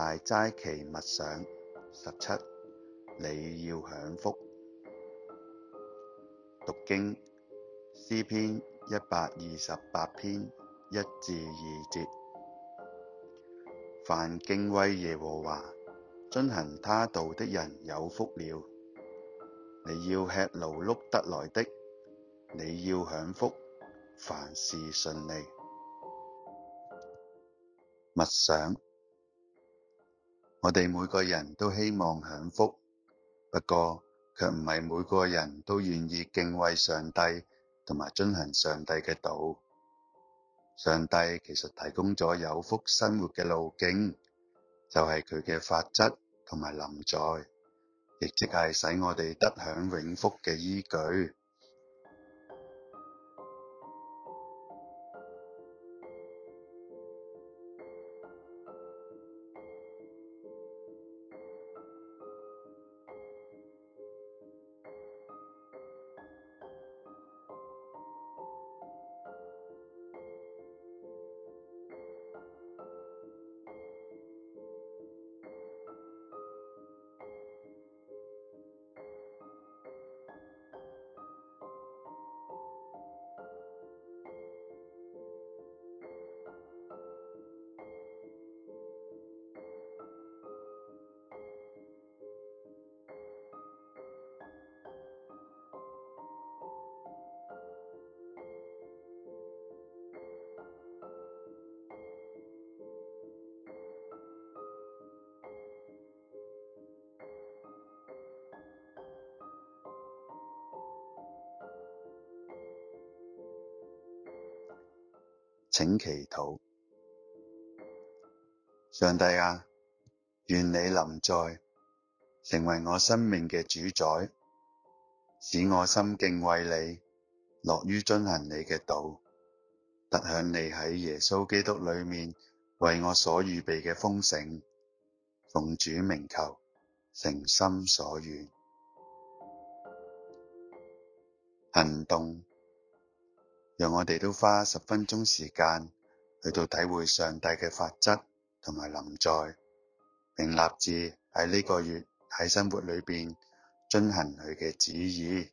大齋期默想十七，你要享福。讀經詩篇一百二十八篇一至二節，凡敬畏耶和華、遵行他道的人有福了。你要吃勞碌得來的，你要享福，凡事順利。默想。我哋每個人都希望享福，不過卻唔係每個人都願意敬畏上帝同埋遵行上帝嘅道。上帝其實提供咗有福生活嘅路徑，就係佢嘅法則同埋臨在，亦即係使我哋得享永福嘅依據。請祈禱，上帝啊，願你臨在，成為我生命嘅主宰，使我心敬畏你，樂於遵行你嘅道，得享你喺耶穌基督裏面為我所預備嘅豐盛，奉主名求，誠心所願，行動。讓我哋都花十分鐘時間去到體會上帝嘅法則同埋臨在，並立志喺呢個月喺生活裏邊遵行佢嘅旨意。